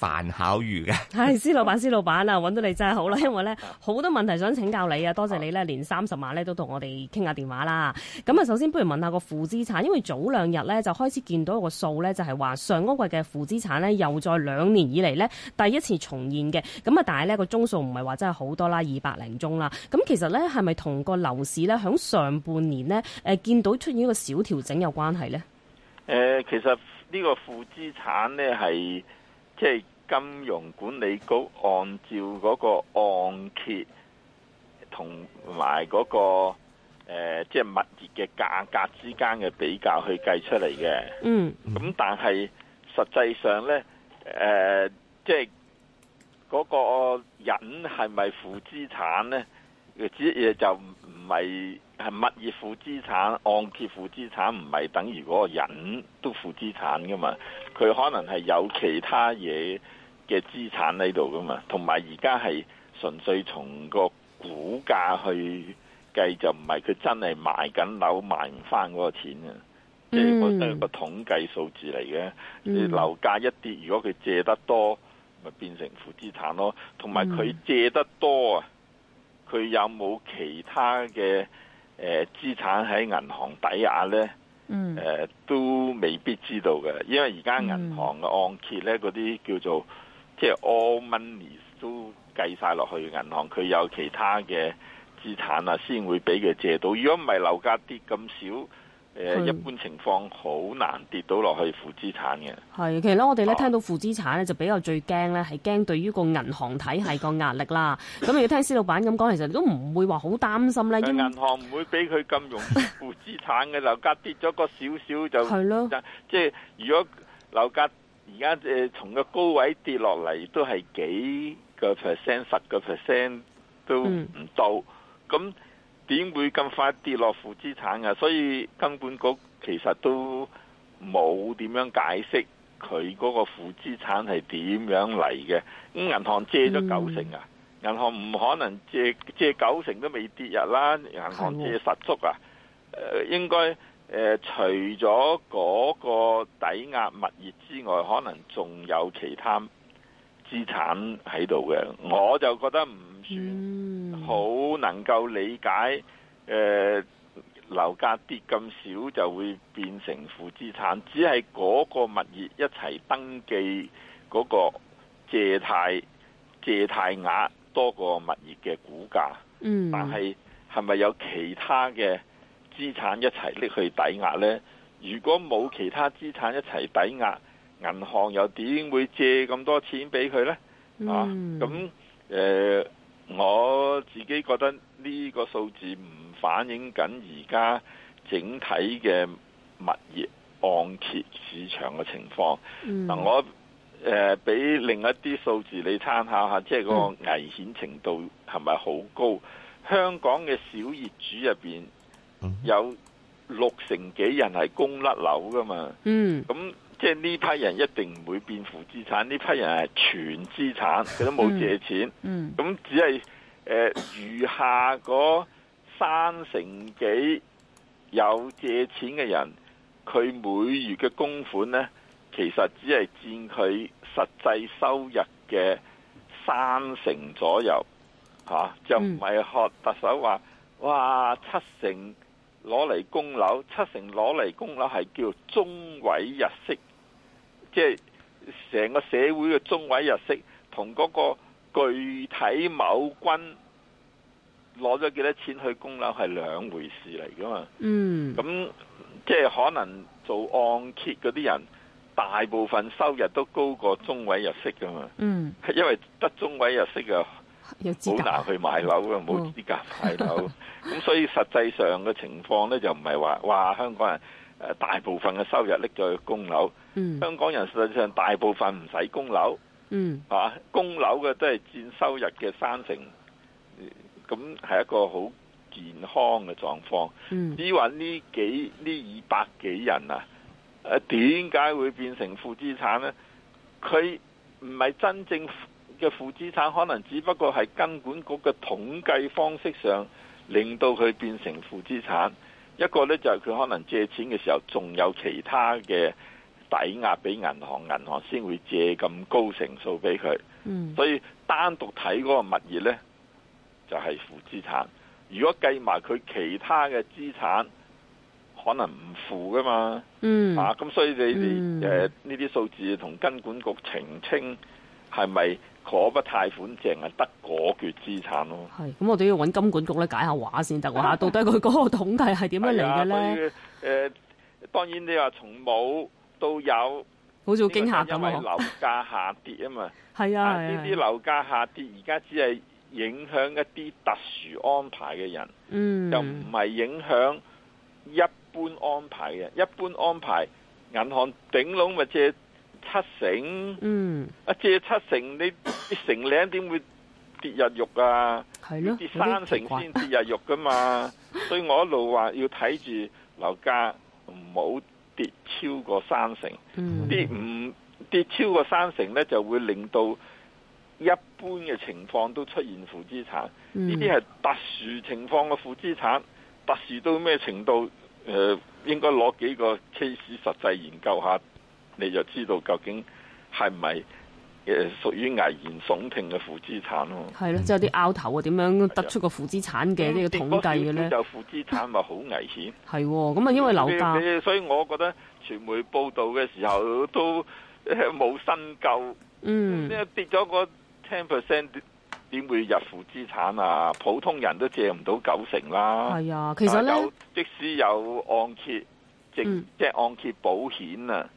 凡考如嘅，係施老闆，施老闆啊，揾到你真係好啦，因為咧好多問題想請教你啊，多謝你咧，連三十萬咧都同我哋傾下電話啦。咁啊，首先不如問，問一下個負資產，因為早兩日咧就開始見到一個數咧，就係、是、話上個季嘅負資產咧又在兩年以嚟咧第一次重現嘅。咁啊，但係咧個宗數唔係話真係好多啦，二百零宗啦。咁其實咧係咪同個樓市咧響上半年咧誒、呃、見到出現一個小調整有關係咧？誒、呃，其實呢個負資產咧係即係。金融管理局按照嗰個按揭同埋嗰個誒，即係物業嘅價格之間嘅比較去計出嚟嘅。嗯，咁但係實際上咧，誒，即係嗰個人係咪負資產咧？呢隻嘢，就唔係，係物業負資產、按揭負資產，唔係等於嗰個人都負資產噶嘛？佢可能係有其他嘢。嘅資產喺度㗎嘛，同埋而家係純粹從個股價去計，就唔係佢真係賣緊樓賣唔返嗰個錢啊！即係我哋個統計數字嚟嘅。嗯、你樓價一跌，如果佢借得多，咪變成負資產咯。同埋佢借得多啊，佢、嗯、有冇其他嘅誒資產喺銀行抵押呢？誒、嗯、都未必知道嘅，因為而家銀行嘅按揭呢嗰啲、嗯、叫做。即係 all money 都計晒落去銀行，佢有其他嘅資產啊，先會俾佢借到。如果唔係樓價跌咁少，誒是、呃、一般情況好難跌到落去負資產嘅。係，其實咧，我哋咧聽到負資產咧就比較最驚咧，係驚對於個銀行體系個壓力啦。咁你要 聽施老闆咁講，其實都唔會話好擔心咧。啲因為 銀行唔會俾佢咁容易 負資產嘅，樓價跌咗個少少就係咯，的即係如果樓價而家誒從個高位跌落嚟都係幾個 percent、十個 percent 都唔到，咁點會咁快跌落負資產啊？所以金管局其實都冇點樣解釋佢嗰個負資產係點樣嚟嘅。咁銀行借咗九成啊，銀行唔可能借借九成都未跌入啦，銀行借十足啊，誒應該。除咗嗰個抵押物業之外，可能仲有其他資產喺度嘅。我就覺得唔算好能夠理解。誒、嗯，呃，樓價跌咁少就會變成負資產，只係嗰個物業一齊登記嗰個借貸借貸額多過物業嘅估價。嗯、但係係咪有其他嘅？資產一齊拎去抵押咧，如果冇其他資產一齊抵押，銀行又點會借咁多錢俾佢呢？嗯、啊，咁誒、呃，我自己覺得呢個數字唔反映緊而家整體嘅物業按揭市場嘅情況。嗱、嗯，我誒俾另一啲數字你參考下，即、就、係、是、個危險程度係咪好高？香港嘅小業主入邊，有六成幾人係供甩樓噶嘛？咁、嗯、即係呢批人一定唔會變負資產，呢批人係全資產，佢都冇借錢。咁、嗯嗯、只係誒、呃，餘下嗰三成幾有借錢嘅人，佢每月嘅供款呢，其實只係佔佢實際收入嘅三成左右。吓、啊，就唔係學特首話，哇，七成。攞嚟供樓七成，攞嚟供樓係叫中位入息，即係成個社會嘅中位入息，同嗰個具體某君攞咗幾多錢去供樓係兩回事嚟噶嘛？嗯、mm.，咁即係可能做按揭嗰啲人，大部分收入都高過中位入息噶嘛？嗯，mm. 係因為得中位入息個。好難去買樓嘅，冇資格買樓。咁、嗯、 所以實際上嘅情況呢，就唔係話，哇，香港人大部分嘅收入拎咗去供樓。嗯、香港人實際上大部分唔使供樓，係嘛、嗯啊？供樓嘅都係佔收入嘅三成，咁係一個好健康嘅狀況。嗯、只話呢幾呢二百幾人啊，誒、啊，點解會變成負資產呢？佢唔係真正。嘅負資產可能只不過係金管局嘅統計方式上，令到佢變成負資產。一個呢，就係佢可能借錢嘅時候，仲有其他嘅抵押俾銀行，銀行先會借咁高成數俾佢。嗯，所以單獨睇嗰個物業呢，就係負資產。如果計埋佢其他嘅資產，可能唔負㗎嘛。嗯，啊，咁所以你哋誒呢啲數字同金管局澄清，係咪嗰筆貸款淨係得嗰橛資產咯？係，咁我哋要揾金管局咧解下話先得喎。到底佢嗰個統計係點樣嚟嘅咧？誒、啊那個呃，當然你話從冇到有，好似驚嚇，因為樓價下跌啊嘛，係 啊，呢啲、啊啊、樓價下跌而家只係影響一啲特殊安排嘅人，嗯，又唔係影響一般安排嘅人。一般安排銀行頂籠或者。七成，嗯，啊借七成，你跌成兩點會跌入肉啊？係咯的，跌三成先跌入肉噶嘛？ 所以我一路話要睇住樓價，唔好跌超過三成。嗯、跌唔跌超過三成咧，就會令到一般嘅情況都出現負資產。呢啲係特殊情況嘅負資產，特殊到咩程度？誒、呃，應該攞幾個 case 實際研究下。你就知道究竟係唔係誒屬於危言聳聽嘅負資產咯？係咯，即係有啲拗頭啊，點樣得出個負資產嘅呢個統計嘅咧？就、啊嗯、負資產咪好危險。係喎，咁啊，因為樓價所，所以我覺得傳媒報道嘅時候都冇新舊。嗯。即係跌咗個 ten percent，點會入負資產啊？普通人都借唔到九成啦。係啊，其實有即使有按揭，即即係按揭保險啊。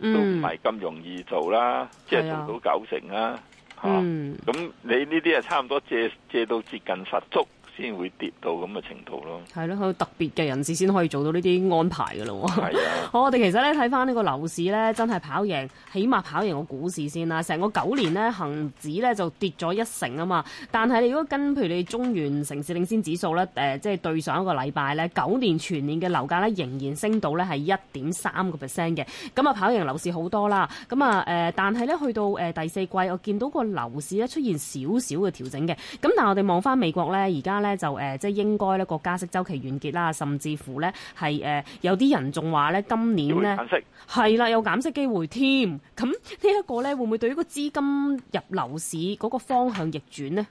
都唔係咁容易做啦，嗯、即係做到九成啦、啊，吓咁、嗯啊、你呢啲啊差唔多借借到接近十足，先會跌到咁嘅程度咯，係咯，特別嘅人士先可以做到呢啲安排㗎咯。係啊，好，我哋其實咧睇翻呢個樓市咧，真係跑贏，起碼跑贏個股市先啦。成個九年咧，恒指咧就跌咗一成啊嘛。但係你如果跟譬如你中原城市領先指數咧，誒、呃，即係對上一個禮拜咧，九年全年嘅樓價咧仍然升到咧係一點三個 percent 嘅。咁啊，跑贏樓市好多啦。咁啊，誒、呃，但係咧去到誒、呃、第四季，我見到個樓市咧出現少少嘅調整嘅。咁但係我哋望翻美國咧，而家呢就誒、呃，即係應該呢個加息週期完結啦，甚至乎、呃、呢，係誒，有啲人仲話呢今年呢減息，係啦有減息機會添，咁呢一個呢，會唔會對於個資金入樓市嗰個方向逆轉呢？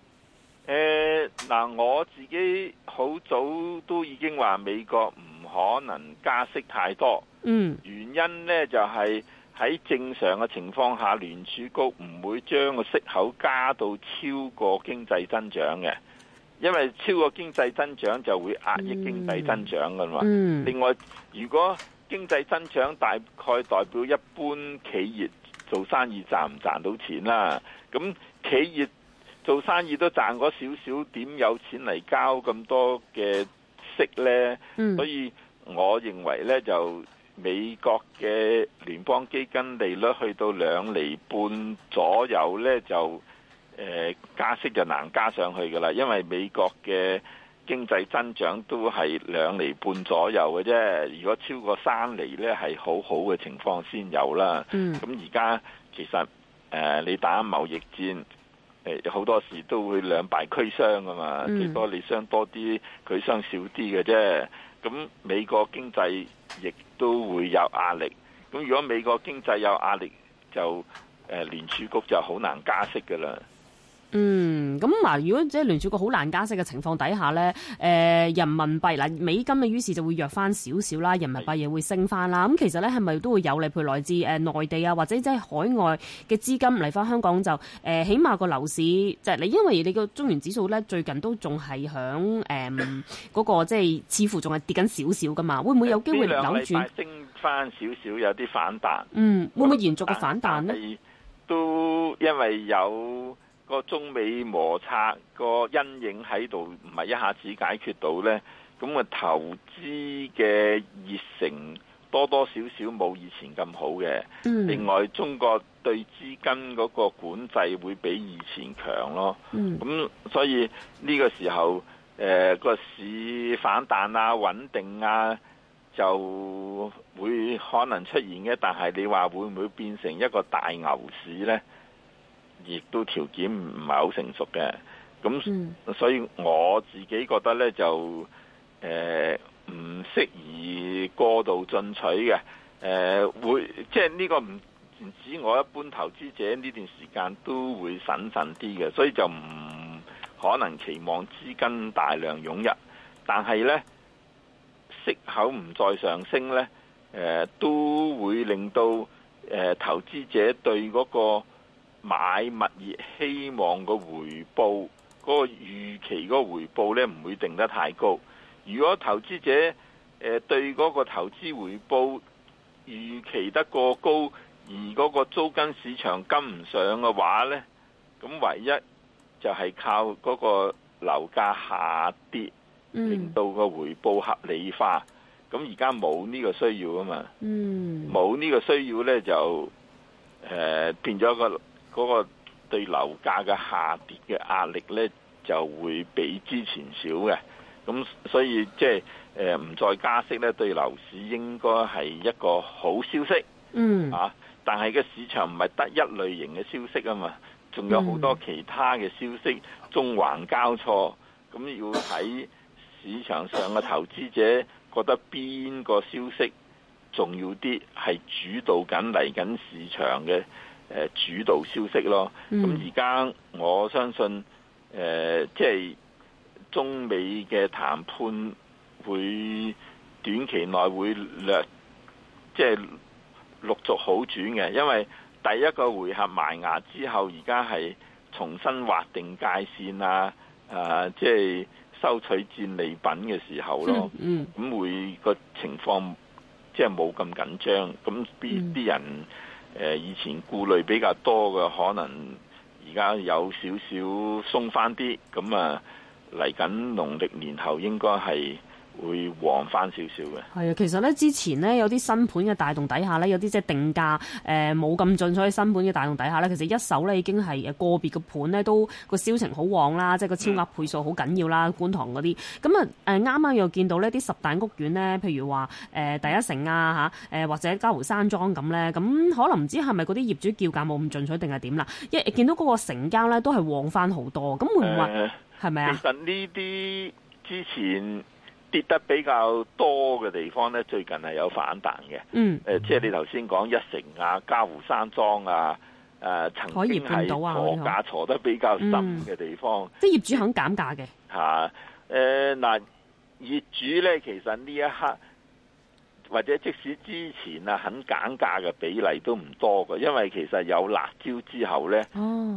誒，嗱，我自己好早都已經話美國唔可能加息太多，嗯，原因呢就係、是、喺正常嘅情況下，聯儲局唔會將個息口加到超過經濟增長嘅。因為超過經濟增長就會壓抑經濟增長噶嘛。另外，如果經濟增長大概代表一般企業做生意賺唔賺到錢啦，啊，咁企業做生意都賺嗰少少，點有錢嚟交咁多嘅息呢？所以我認為呢，就美國嘅聯邦基金利率去到兩厘半左右呢，就。誒、呃，加息就難加上去噶啦，因為美國嘅經濟增長都係兩厘半左右嘅啫。如果超過三厘呢，係好好嘅情況先有啦。咁而家其實誒、呃，你打貿易戰，呃、好多時都會兩敗俱傷噶嘛。嗯、最多你傷多啲，佢傷少啲嘅啫。咁美國經濟亦都會有壓力。咁如果美國經濟有壓力，就誒聯儲局就好難加息噶啦。嗯，咁、嗯、嗱，如果即係聯儲局好難加息嘅情況底下咧，誒、呃、人民幣嗱美金嘅於是就會弱翻少少啦，人民幣亦會升翻啦。咁是的、嗯、其實咧係咪都會有利，譬如來自誒內地啊，或者即係海外嘅資金嚟翻香港就誒、呃，起碼個樓市即係你，就是、因為你個中原指數咧最近都仲係響誒嗰個即係、就是、似乎仲係跌緊少少噶嘛，會唔會有機會扭轉升翻少少有啲反彈？嗯，會唔會延續嘅反彈呢？彈都因為有。個中美摩擦個陰影喺度，唔係一下子解決到呢。咁啊，投資嘅熱誠多多少少冇以前咁好嘅。另外，中國對資金嗰個管制會比以前強咯。咁所以呢個時候，呃，個市反彈啊、穩定啊，就會可能出現嘅。但係你話會唔會變成一個大牛市呢？亦都條件唔係好成熟嘅，咁所以我自己覺得呢就誒唔適宜過度進取嘅，誒會即係呢個唔唔止我一般投資者呢段時間都會審慎啲嘅，所以就唔可能期望資金大量湧入，但係呢，息口唔再上升呢，誒都會令到誒投資者對嗰個。買物業希望個回報，個預期個回報咧唔會定得太高。如果投資者誒對嗰個投資回報預期得過高，而嗰個租金市場跟唔上嘅話咧，咁唯一就係靠嗰個樓價下跌，令到個回報合理化。咁而家冇呢個需要啊嘛，冇呢個需要咧就誒變咗個。嗰個對樓價嘅下跌嘅壓力呢，就會比之前少嘅。咁所以即係唔再加息呢，對樓市應該係一個好消息。嗯，但係個市場唔係得一類型嘅消息啊嘛，仲有好多其他嘅消息，縱橫交錯，咁要睇市場上嘅投資者覺得邊個消息重要啲，係主導緊嚟緊市場嘅。主導消息咯，咁而家我相信誒，即係、嗯呃就是、中美嘅談判會短期內會略即係、就是、陸續好轉嘅，因為第一個回合埋牙之後，而家係重新劃定界線啊，啊，即、就、係、是、收取戰利品嘅時候咯，咁、嗯嗯、會個情況即係冇咁緊張，咁啲啲人。以前顧慮比較多嘅，可能而家有少少鬆返啲，咁啊嚟緊農曆年後應該係，會旺翻少少嘅。係啊，其實咧，之前咧有啲新盤嘅帶動底下咧，有啲即係定價誒冇咁進取，所以新盤嘅帶動底下咧，其實一手咧已經係誒個別嘅盤咧都個銷情好旺啦，即係個超額配數好緊要啦，嗯、觀塘嗰啲。咁啊誒啱啱又見到呢啲十大屋苑咧，譬如話誒第一城啊吓，誒或者嘉湖山莊咁咧，咁可能唔知係咪嗰啲業主叫價冇咁進取，定係點啦？因為見到嗰個成交咧都係旺翻好多，咁會唔會係咪啊？呃、嗎其實呢啲之前。跌得比較多嘅地方呢，最近係有反彈嘅。嗯，即係、呃就是、你頭先講一城啊、嘉湖山莊啊，誒、呃、曾經係降價鋤得比較深嘅地方。嗯、即係業主肯減價嘅。吓、啊。誒、呃，嗱、呃，業主呢，其實呢一刻，或者即使之前啊肯減價嘅比例都唔多嘅，因為其實有辣招之後呢，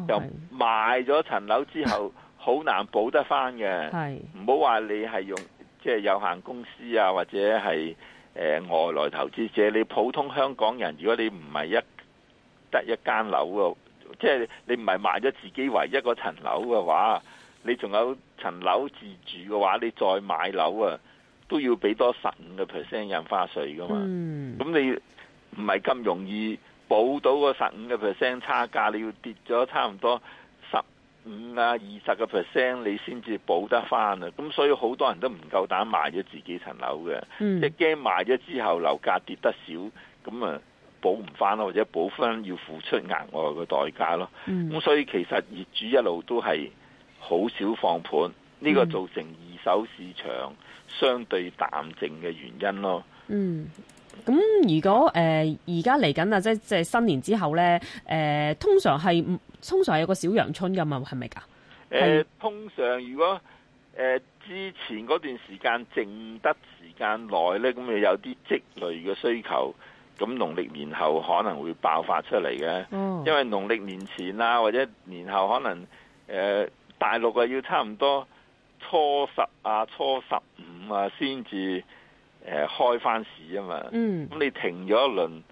又、哦、賣咗層樓之後好的難補得返嘅。係，唔好話你係用。即係有限公司啊，或者係誒、呃、外來投資者，你普通香港人，如果你唔係一得一間樓嘅，即係你唔係賣咗自己唯一嗰層樓嘅話，你仲有層樓自住嘅話，你再買樓啊，都要俾多十五個 percent 印花稅㗎嘛。咁你唔係咁容易補到個十五個 percent 差價，你要跌咗差唔多，五啊二十個 percent，你先至補得翻啊！咁所以好多人都唔夠膽賣咗自己層樓嘅，即係驚賣咗之後樓價跌得少，咁啊補唔翻咯，或者補翻要付出額外嘅代價咯。咁、嗯、所以其實業主一路都係好少放盤，呢、嗯、個造成二手市場相對淡靜嘅原因咯。嗯，咁如果誒而家嚟緊啊，即係即係新年之後咧，誒、呃、通常係唔～通常有個小陽春噶嘛，係咪噶？誒、呃，通常如果誒、呃、之前嗰段時間剩得時間耐咧，咁咪有啲積累嘅需求，咁農曆年後可能會爆發出嚟嘅。嗯，因為農曆年前啊，或者年後可能誒、呃，大陸啊要差唔多初十啊、初十五啊先至誒開翻市啊嘛。嗯，咁你停咗一輪。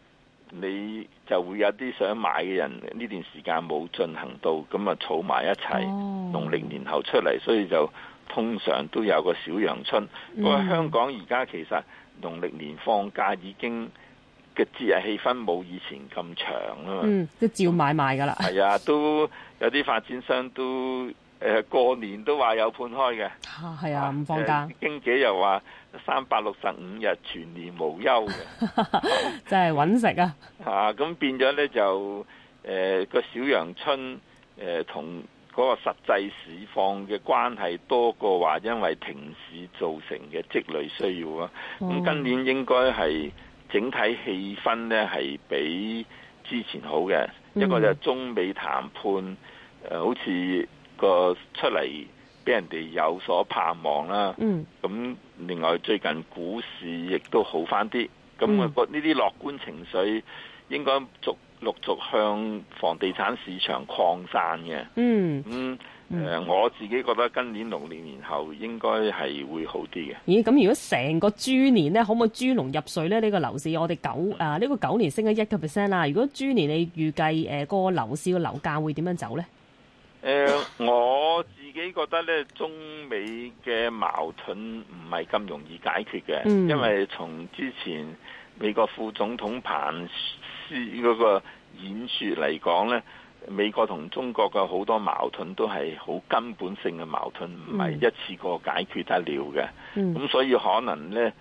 你就會有啲想買嘅人，呢段時間冇進行到，咁啊，儲埋一齊，農曆年後出嚟，所以就通常都有個小陽春。Mm. 不過香港而家其實農曆年放假已經嘅節日氣氛冇以前咁長啦，嘛，嗯，照買賣㗎啦。係啊，都有啲發展商都。誒過年都話有判開嘅，係啊，唔、啊、放假。經紀又話三百六十五日全年無休嘅，真係揾食啊！嚇咁、啊、變咗呢，就誒個、呃、小陽春、呃、同嗰個實際市況嘅關係多過話，因為停市造成嘅積累需要啊。咁今年應該係整體氣氛呢，係比之前好嘅。一個就中美談判、嗯呃、好似。個出嚟俾人哋有所盼望啦、啊，咁、嗯、另外最近股市亦都好翻啲，咁我覺呢啲樂觀情緒應該逐陸續向房地產市場擴散嘅，嗯誒、嗯嗯呃、我自己覺得今年農年年後應該係會好啲嘅。咦，咁、嗯嗯、如果成個豬年呢，可唔可以豬籠入水咧？呢、呢個樓市我哋九、嗯、啊，呢、呢個九年升咗一個 percent 啦。如果豬年你預計誒、呃嗰個樓市、嘅樓價會點樣走呢？呃、我自己覺得咧，中美嘅矛盾唔係咁容易解決嘅，嗯、因為從之前美國副總統彭斯嗰個演說嚟講咧，美國同中國嘅好多矛盾都係好根本性嘅矛盾，唔係一次過解決得了嘅。咁、嗯、所以可能咧、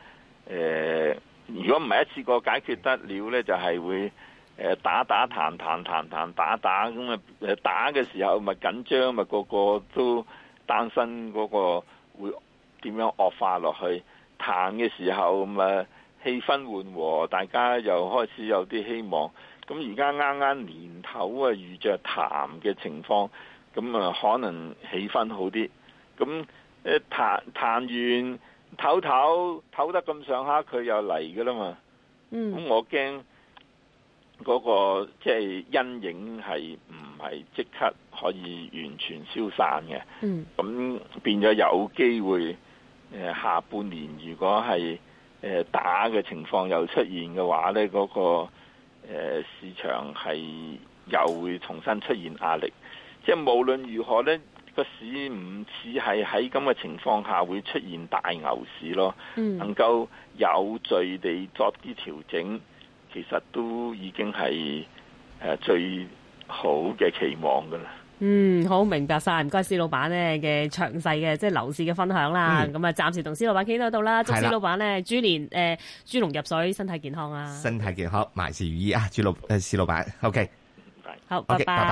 呃，如果唔係一次過解決得了咧，就係、是、會。誒打打彈彈彈彈打打咁啊！誒打嘅時候咪緊張，咪個個都擔心嗰個會點樣惡化落去？彈嘅時候咁啊，氣氛緩和，大家又開始有啲希望。咁而家啱啱年頭啊，遇着彈嘅情況，咁啊可能氣氛好啲。咁誒彈彈完唞唞唞得咁上下，佢又嚟噶啦嘛。咁我驚。嗰個即係陰影係唔係即刻可以完全消散嘅？嗯，咁變咗有機會下半年如果係打嘅情況又出現嘅話咧，嗰個市場係又會重新出現壓力。即係無論如何咧，個市唔似係喺咁嘅情況下會出現大牛市咯。嗯，能夠有序地作啲調整。其實都已經係誒最好嘅期望噶啦。嗯，好明白晒，唔該施老闆呢嘅詳細嘅即係樓市嘅分享啦。咁啊、嗯，暫時同施老闆傾到度啦。祝施老闆呢，豬年誒豬籠入水，身體健康啊！身體健康，萬事如意啊！朱老誒施、呃、老闆，OK，好，拜拜。